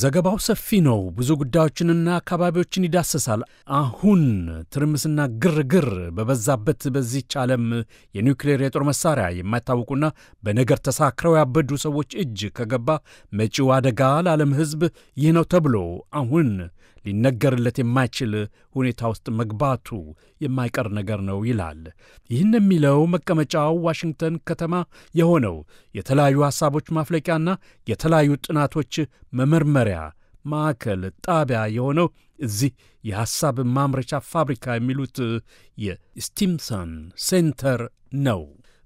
ዘገባው ሰፊ ነው፣ ብዙ ጉዳዮችንና አካባቢዎችን ይዳሰሳል። አሁን ትርምስና ግርግር በበዛበት በዚች ዓለም የኒውክሌር የጦር መሳሪያ የማይታወቁና በነገር ተሳክረው ያበዱ ሰዎች እጅ ከገባ መጪው አደጋ ለዓለም ሕዝብ ይህ ነው ተብሎ አሁን ሊነገርለት የማይችል ሁኔታ ውስጥ መግባቱ የማይቀር ነገር ነው ይላል። ይህን የሚለው መቀመጫው ዋሽንግተን ከተማ የሆነው የተለያዩ ሐሳቦች ማፍለቂያና የተለያዩ ጥናቶች መመርመሪያ ማዕከል ጣቢያ የሆነው እዚህ የሐሳብ ማምረቻ ፋብሪካ የሚሉት የስቲምሰን ሴንተር ነው።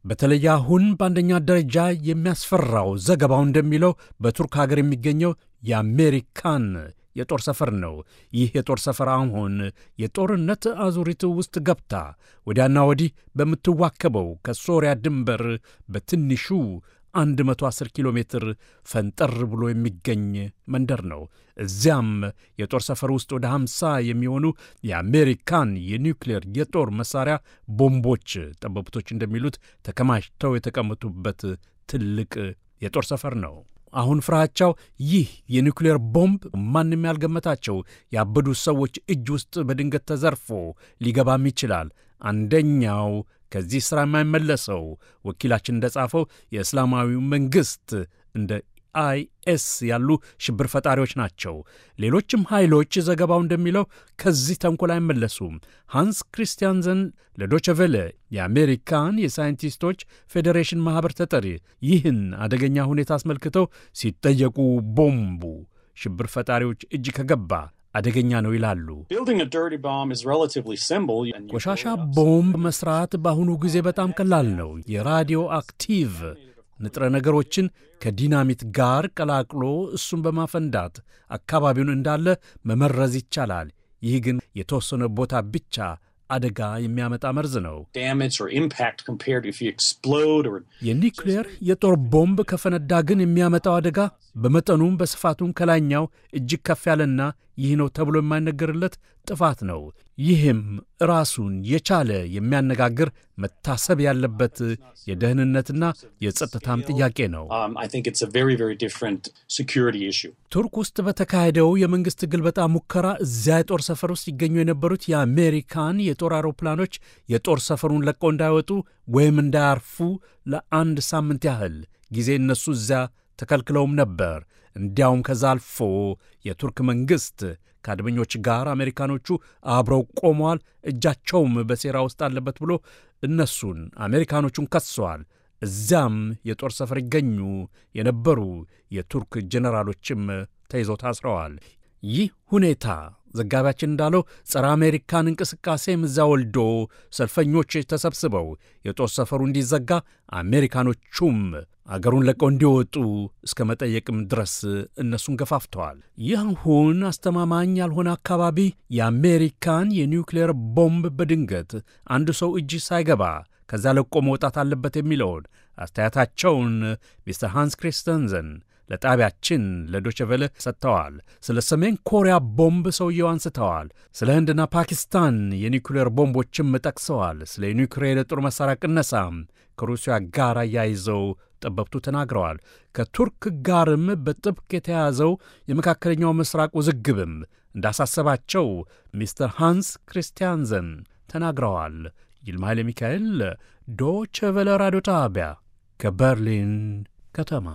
በተለይ አሁን በአንደኛ ደረጃ የሚያስፈራው ዘገባው እንደሚለው በቱርክ ሀገር የሚገኘው የአሜሪካን የጦር ሰፈር ነው። ይህ የጦር ሰፈር አሁን የጦርነት አዙሪት ውስጥ ገብታ ወዲያና ወዲህ በምትዋከበው ከሶሪያ ድንበር በትንሹ 110 ኪሎ ሜትር ፈንጠር ብሎ የሚገኝ መንደር ነው። እዚያም የጦር ሰፈር ውስጥ ወደ 50 የሚሆኑ የአሜሪካን የኒውክሌር የጦር መሳሪያ ቦምቦች ጠበብቶች እንደሚሉት ተከማችተው የተቀመጡበት ትልቅ የጦር ሰፈር ነው። አሁን ፍርሃቻው ይህ የኒውክሌር ቦምብ ማንም ያልገመታቸው ያበዱ ሰዎች እጅ ውስጥ በድንገት ተዘርፎ ሊገባም ይችላል። አንደኛው ከዚህ ሥራ የማይመለሰው ወኪላችን እንደጻፈው የእስላማዊ መንግሥት እንደ አይኤስ ያሉ ሽብር ፈጣሪዎች ናቸው። ሌሎችም ኃይሎች ዘገባው እንደሚለው ከዚህ ተንኮል አይመለሱም። ሃንስ ክሪስቲያንዘን ለዶቸቬለ የአሜሪካን የሳይንቲስቶች ፌዴሬሽን ማኅበር ተጠሪ ይህን አደገኛ ሁኔታ አስመልክተው ሲጠየቁ ቦምቡ ሽብር ፈጣሪዎች እጅ ከገባ አደገኛ ነው ይላሉ። ቆሻሻ ቦምብ መስራት በአሁኑ ጊዜ በጣም ቀላል ነው። የራዲዮ አክቲቭ ንጥረ ነገሮችን ከዲናሚት ጋር ቀላቅሎ እሱን በማፈንዳት አካባቢውን እንዳለ መመረዝ ይቻላል። ይህ ግን የተወሰነ ቦታ ብቻ አደጋ የሚያመጣ መርዝ ነው። የኒውክሌር የጦር ቦምብ ከፈነዳ ግን የሚያመጣው አደጋ በመጠኑም በስፋቱም ከላይኛው እጅግ ከፍ ያለና ይህ ነው ተብሎ የማይነገርለት ጥፋት ነው። ይህም ራሱን የቻለ የሚያነጋግር መታሰብ ያለበት የደህንነትና የጸጥታም ጥያቄ ነው። um, ቱርክ ውስጥ በተካሄደው የመንግሥት ግልበጣ ሙከራ እዚያ የጦር ሰፈር ውስጥ ይገኙ የነበሩት የአሜሪካን የጦር አውሮፕላኖች የጦር ሰፈሩን ለቀው እንዳይወጡ ወይም እንዳያርፉ ለአንድ ሳምንት ያህል ጊዜ እነሱ እዚያ ተከልክለውም ነበር። እንዲያውም ከዛ አልፎ የቱርክ መንግሥት ከአድመኞች ጋር አሜሪካኖቹ አብረው ቆመዋል፣ እጃቸውም በሴራ ውስጥ አለበት ብሎ እነሱን አሜሪካኖቹን ከሰዋል እዚያም የጦር ሰፈር ይገኙ የነበሩ የቱርክ ጀነራሎችም ተይዘው ታስረዋል። ይህ ሁኔታ ዘጋቢያችን እንዳለው ጸረ አሜሪካን እንቅስቃሴ ምዛ ወልዶ ሰልፈኞች ተሰብስበው የጦር ሰፈሩ እንዲዘጋ አሜሪካኖቹም አገሩን ለቀው እንዲወጡ እስከ መጠየቅም ድረስ እነሱን ገፋፍተዋል። ይህ አሁን አስተማማኝ ያልሆነ አካባቢ የአሜሪካን የኒውክሌር ቦምብ በድንገት አንድ ሰው እጅ ሳይገባ ከዛ ለቆ መውጣት አለበት የሚለውን አስተያየታቸውን ሚስተር ሃንስ ክሪስተንዘን ለጣቢያችን ለዶቸቨለ ሰጥተዋል። ስለ ሰሜን ኮሪያ ቦምብ ሰውየው አንስተዋል። ስለ ህንድና ፓኪስታን የኒውክሌር ቦምቦችም ጠቅሰዋል። ስለ ኒውክሌር የጦር መሣሪያ ቅነሳም ከሩሲያ ጋር አያይዘው ጠበብቱ ተናግረዋል። ከቱርክ ጋርም በጥብቅ የተያዘው የመካከለኛው ምስራቅ ውዝግብም እንዳሳሰባቸው ሚስተር ሃንስ ክሪስቲያንዘን ተናግረዋል። ይልማ ኃይለ ሚካኤል ዶቸቨለ ራዲዮ ጣቢያ ከበርሊን ከተማ